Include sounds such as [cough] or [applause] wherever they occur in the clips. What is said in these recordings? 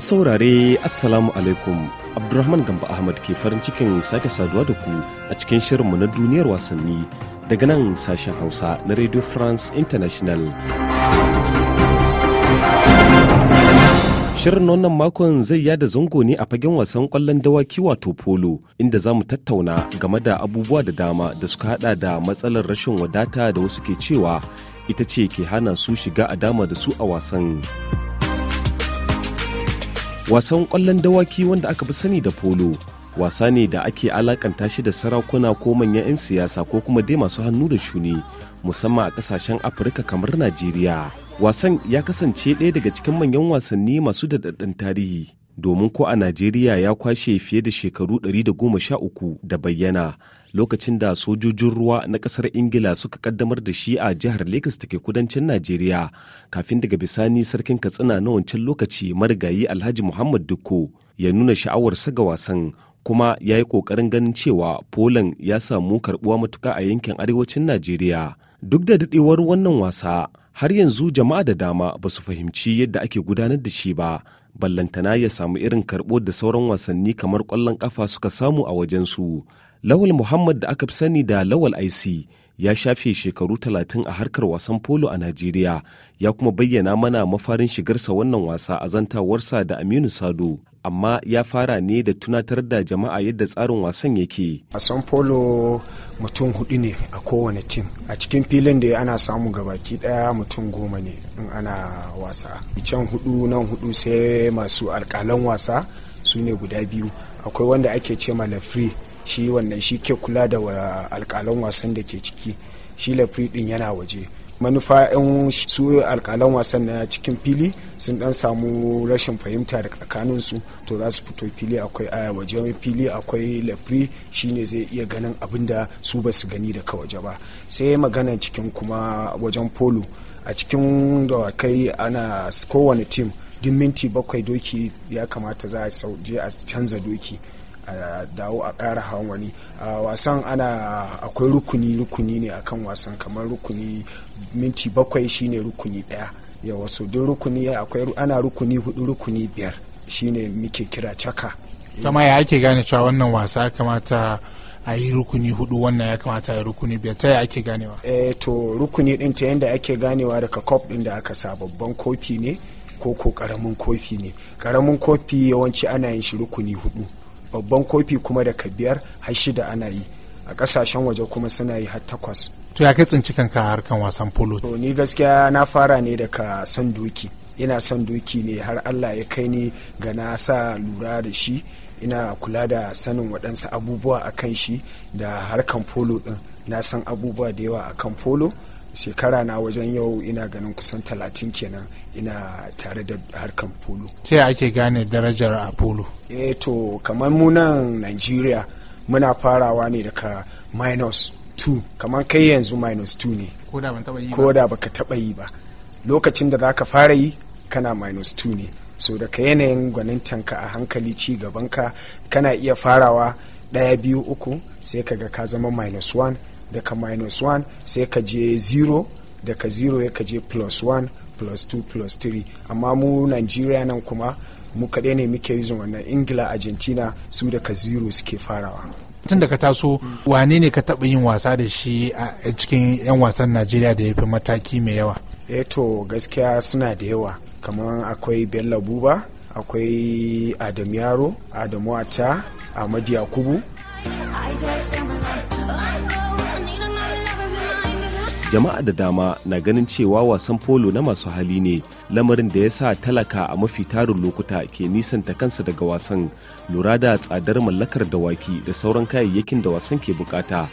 masu saurare assalamu alaikum abdulrahman gamba ahmad ke farin cikin sake saduwa da ku a cikin shirinmu na duniyar wasanni daga nan sashen hausa na radio france international Shirin wannan makon zai yada zango ne a fagen wasan kwallon dawaki wato polo inda za mu tattauna game da abubuwa da dama da suka hada da matsalar rashin wadata da wasu ke cewa ita ce ke hana su shiga a dama da su a wasan. wasan ƙwallon dawaki wanda aka fi sani da polo wasa ne da ake alakanta shi da sarakuna ko manyan 'yan siyasa ko kuma dai masu hannu da shuni musamman a kasashen afirka kamar najeriya wasan ya kasance ɗaya daga cikin manyan wasanni masu daɗaɗɗen tarihi domin ko a Najeriya ya kwashe fiye da shekaru 113 da bayyana lokacin da sojojin ruwa na kasar Ingila suka kaddamar da shi a jihar Lagos take kudancin Najeriya kafin daga bisani sarkin Katsina na wancan lokaci marigayi Alhaji Muhammad Dukko ya nuna sha'awarsa ga wasan kuma ya yi ƙoƙarin ganin cewa Poland ya samu karɓuwa matuka a yankin arewacin Najeriya. Duk da daɗewar wannan wasa, har yanzu jama'a da dama ba su fahimci yadda ake gudanar da shi ba ballantana ya samu irin karɓo da sauran wasanni kamar ƙwallon ƙafa suka samu a wajensu. Lawal Muhammad da aka fi sani da Lawal IC ya shafe shekaru talatin a harkar wasan polo a Najeriya ya kuma bayyana mana mafarin shigarsa wannan wasa a zantawarsa da Aminu Sado. Amma ya fara ne da tunatar da jama'a yadda tsarin wasan yake. Wasan polo mutum hudu ne a kowane tim a cikin filin da ana samu gabaki daya mutum goma ne in ana wasa can hudu nan hudu sai masu alkalan wasa su ne guda biyu akwai wanda ake ce ma lafri shi wannan shi ke kula da alkalan wasan da ke ciki shi lafri din yana waje manufa 'yan su alkalan wasan na cikin fili sun dan samu rashin fahimta da tsakanin su to za su fito fili akwai aya waje fili akwai lafri shine zai iya ganin abin da su ba su gani daga waje ba sai magana cikin kuma wajen polo a cikin dawakai ana kowane tim duk minti bakwai doki ya kamata za a je a canza doki a dawo a ƙara hawan wani a wasan ana akwai rukuni rukuni ne akan wasan kamar rukuni minti bakwai shine rukuni ɗaya yawa so duk rukuni akwai ana rukuni hudu rukuni biyar shine muke kira caka kama ya ake gane cewa wannan wasa ya kamata a yi rukuni hudu wannan ya kamata a yi rukuni biyar ta ya ake ganewa eh to rukuni din ta yanda ake ganewa daga kop din da aka sa babban kofi ne ko ko karamin kofi ne karamin kofi yawanci ana yin shi rukuni hudu babban kofi kuma daga biyar har shida ana yi a kasashen waje kuma suna yi har takwas to ya kai tsinci kanka harkan wasan polo to ni gaskiya na fara ne daga san doki ina san doki ne har allah ya kai ni ga na sa lura da shi ina kula da sanin waɗansu abubuwa akan shi da harkan polo ɗin na san abubuwa da yawa a kan polo shekara na wajen yau ina ganin kusan talatin kenan ina tare da harkan polo sai ake gane darajar a polo eh to kamar mu nan nigeria muna farawa ne daga minus 2 kamar kai yanzu minus 2 ne ko da baka taba yi ba lokacin da zaka fara yi kana minus 2 ne so daga yanayin gwanin tanka a hankali ci gabanka kana iya farawa daya biyu uku sai kaga ka zama minus 1 daga minus 1 sai ka je 0 daga 0 ya ka je plus 1 plus 2 plus 3 amma mu nigeria nan kuma mu kaɗai ne muke yuzin wannan ingila argentina su daga 0 suke farawa tun da ka taso wane ne ka taɓa yin wasa da shi a cikin 'yan wasan nigeria da ya fi mataki mai yawa eto eh gaskiya suna da yawa kamar akwai bello buba akwai adam yaro adamu ata ahmad yakubu jama'a da dama na ganin cewa wasan polo na masu hali ne lamarin da ya sa talaka a mafi tarin lokuta ke nisanta kansa daga wasan lura da tsadar mallakar dawaki da sauran kayayyakin da wasan ke bukata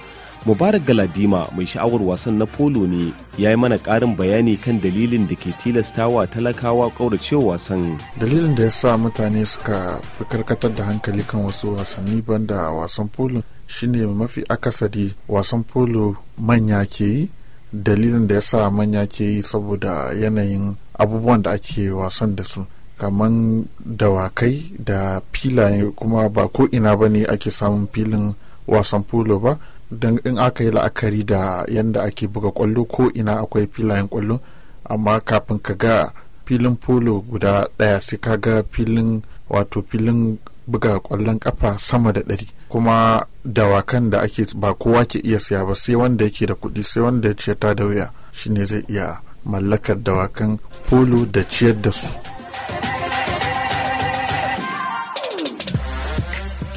mubarak galadima mai sha'awar wasan na polo ne ya yi mana karin bayani kan dalilin da ke tilastawa talakawa kauracewa wasan dalilin da ya sa mutane suka fi karkatar da hankali kan wasu wasanni banda wasan polo shine mafi akasari wasan polo manya ke yi dalilin da ya sa manya ke yi saboda yanayin abubuwan da ake wasan da su kamar dawakai da filaye kuma ba ko ina ba ne ake samun filin wasan polo ba don in aka yi la'akari da yadda ake buga kwallo ko ina akwai filayen kwallo amma kafin ka ga filin polo guda daya sai ka ga filin wato filin buga kwallon kafa sama da ɗari kuma dawakan da ake ba kowa ke iya siya ba sai wanda yake da kuɗi sai wanda ya ce ta da wuya shine zai iya mallakar dawakan polo da ciyar da su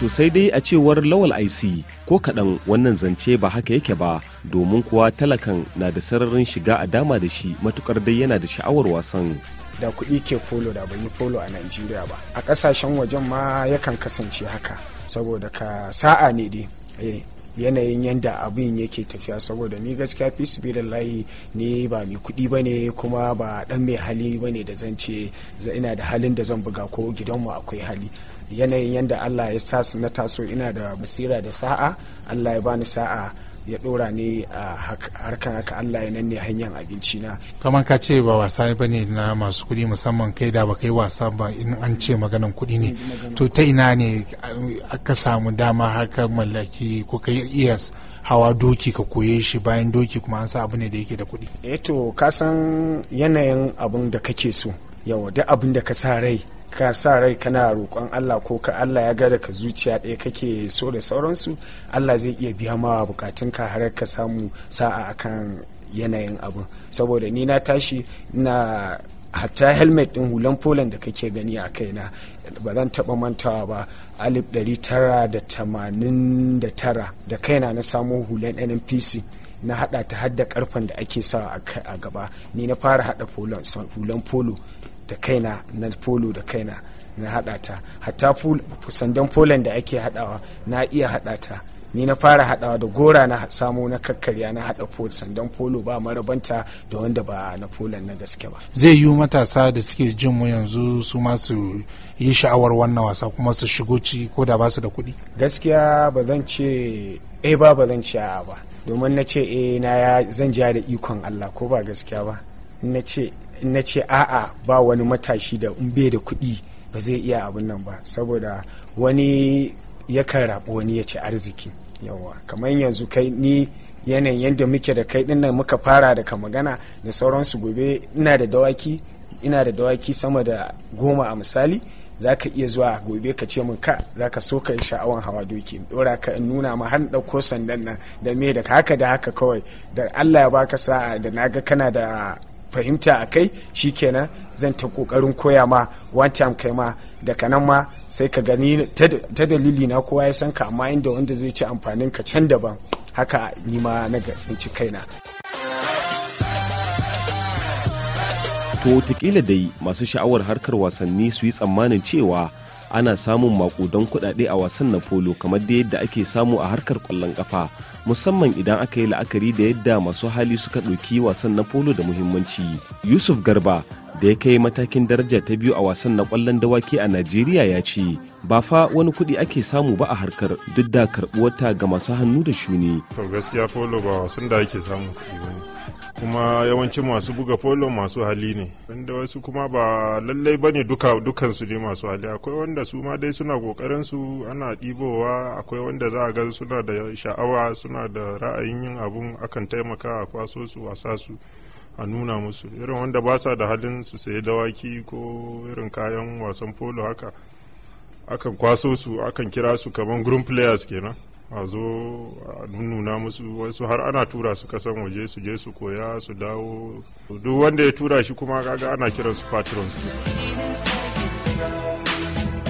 to sai dai a cewar lawal IC ko kaɗan wannan zance ba haka yake ba domin kuwa talakan na da sararin shiga a dama da shi matukar dai yana da sha'awar wasan da kuɗi ke polo da bayi yi polo a Najeriya ba a ƙasashen wajen ma yakan kasance haka saboda ka sa'a ne dai eh, yanayin yadda abin yake tafiya saboda ni gaskiya fi su layi ne ba mai kuɗi ba ne kuma ba ɗan mai hali ba ne da zan ce ina da halin da zan buga ko gidanmu akwai hali yanayin yadda allah ya sa na taso ina da basira da sa'a allah ya bani sa'a ya dora ni a harkan haka Allah ya nanne hanyar abinci na kamar ka ce ba wasa ba ne na masu kuɗi musamman kai da ba kai wasa ba in an ce maganan kuɗi ne to ta ina ne aka samu dama haka mallaki ko kai iya hawa doki ka koye shi bayan doki kuma an sa abu ne da yake da kuɗi Eto eh ka san yanayin abin da kake so yawa duk abin da ka sa rai ka sa rai kana roƙon Allah ko ka Allah ya gada ka zuciya ɗaya kake so da sauransu Allah zai iya biya bukatun ka har ka samu sa'a akan yanayin abin saboda ni na tashi na hatta helmet din hulan poland da kake gani a kaina ba zan taba mantawa ba alif ɗari tara da tamanin da da tara kaina na samo hulan nnpc na hada ta hadda karfen da ake sawa a gaba ni na fara hada hulan polo da kaina na polo da kaina na hada ta hatta sandan poland da ake hadawa na iya hada ta ni na fara hadawa da gora na samu na kakkarya na hada polo sandan polo ba marabanta da wanda ba na poland na gaske ba zai yi matasa da suke jin mu yanzu su masu yi sha'awar wannan wasa kuma su shigo ci ko da basu da kuɗi gaskiya ba zan ce eh ba ba zan ce a ba domin na ce eh na ya zan ja da ikon Allah ko ba gaskiya ba na ce in na ce a'a ba wani matashi da in bai da kuɗi ba zai iya abin nan ba saboda wani yakan rabu wani ya ci arziki yawa kamar yanzu kai ni yanayin yadda muke da kai dinnan muka fara daga magana da sauransu gobe ina da dawaki ina da dawaki sama da goma a misali za ka iya zuwa gobe ka ce min ka za ka so ka sha'awan hawa doki dora ka in nuna ma har ɗauko sandan nan da me da haka da haka kawai da allah ya baka sa'a da naga kana da fahimta a kai kenan zan ta kokarin koya ma one time kai ma daga nan ma sai ka gani ta dalili na kowa ya san ka amma inda wanda zai ci amfanin ka can daban haka ni ma na ga sun ci kaina to watakila dai masu sha'awar harkar wasanni su yi tsammanin cewa ana samun makudan kuɗaɗe a wasan na polo kamar da yadda ake samu a harkar kwallon ƙafa musamman idan aka yi la'akari da yadda masu hali suka ɗauki wasan na polo da muhimmanci yusuf garba da ya kai matakin daraja ta biyu a wasan na kwallon dawaki a najeriya ya ce ba fa wani kuɗi ake samu ba a harkar duk da karɓuwarta ga masu hannu da shuni to gaskiya polo ba wasan da ake samu kuɗi ba kuma yawancin masu buga polo masu hali ne wanda wasu kuma ba lallai ba ne dukansu ne masu hali akwai wanda su ma dai suna kokarin su ana ɗibowa akwai wanda za a ga suna da sha'awa suna da ra'ayin yin abun akan taimaka a kwaso su a sa su a nuna musu irin wanda ba sa da halin su sayi dawaki ko irin kayan wasan polo haka akan kwaso su akan kira su kaman group players kenan a zo a nuna musu wasu har ana tura su kasan waje su je su koya su dawo duk wanda ya tura shi kuma kaga ana kiran su patrons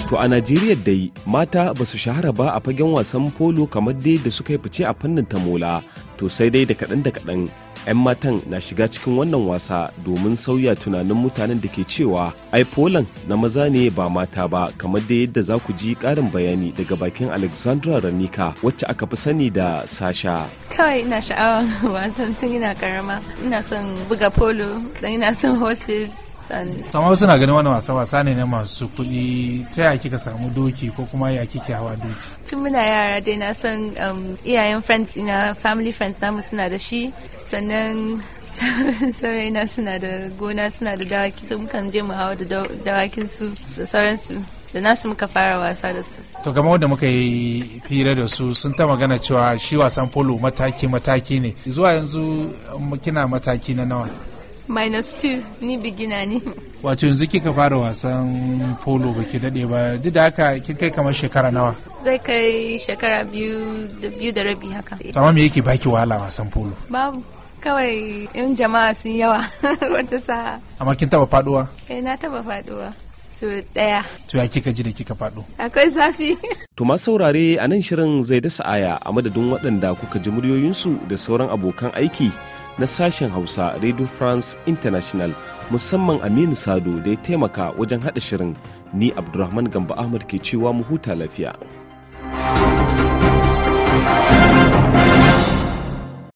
to a najeriya dai mata ba su shahara ba a fagen wasan polo kamar dai da suka yi fice a fannin tamola to sai dai da kaɗan da kaɗan 'yan matan na shiga cikin wannan wasa domin sauya tunanin mutanen da ke cewa ai poland na maza ne ba mata ba kamar da yadda za ku ji ƙarin bayani daga bakin alexandra ranika wacce aka fi sani da sasha kawai ina sha'awar [laughs] wasan tun ina karama ina son buga polo ina son horses sama suna ganin wani wasa wasa ne na masu kuɗi ta ya kika samu doki ko kuma ya kike hawa doki tun muna yara dai na san um, iyayen friends ina family friends namu suna da shi sannan [laughs] na suna da gona suna da dawaki sun kan je mu hawa da dawakin su da sauransu da nasu muka fara wasa da su. To kamar wanda muka yi fira da su sun ta magana cewa shi wasan polo mataki mataki ne. Zuwa yanzu um, kina mataki na nawa? minus 2 ni bigina ne wato yanzu kika fara wasan polo ba ki dade ba duk da haka kin kai kamar shekara nawa zai kai shekara biyu da biyu da rabi haka amma me yake baki wahala wasan polo babu kawai in jama'a sun yawa [laughs] wata sa amma kin taba faduwa eh na taba faduwa su daya to ya kika ji da kika fado akwai zafi [laughs] to ma saurare a nan shirin zai dasa aya a madadin waɗanda kuka ji muryoyinsu da sauran abokan aiki na sashen Hausa Radio France International musamman Aminu Sado da ya taimaka wajen haɗa shirin ni Abdulrahman Gamba Ahmad ke cewa mu huta lafiya.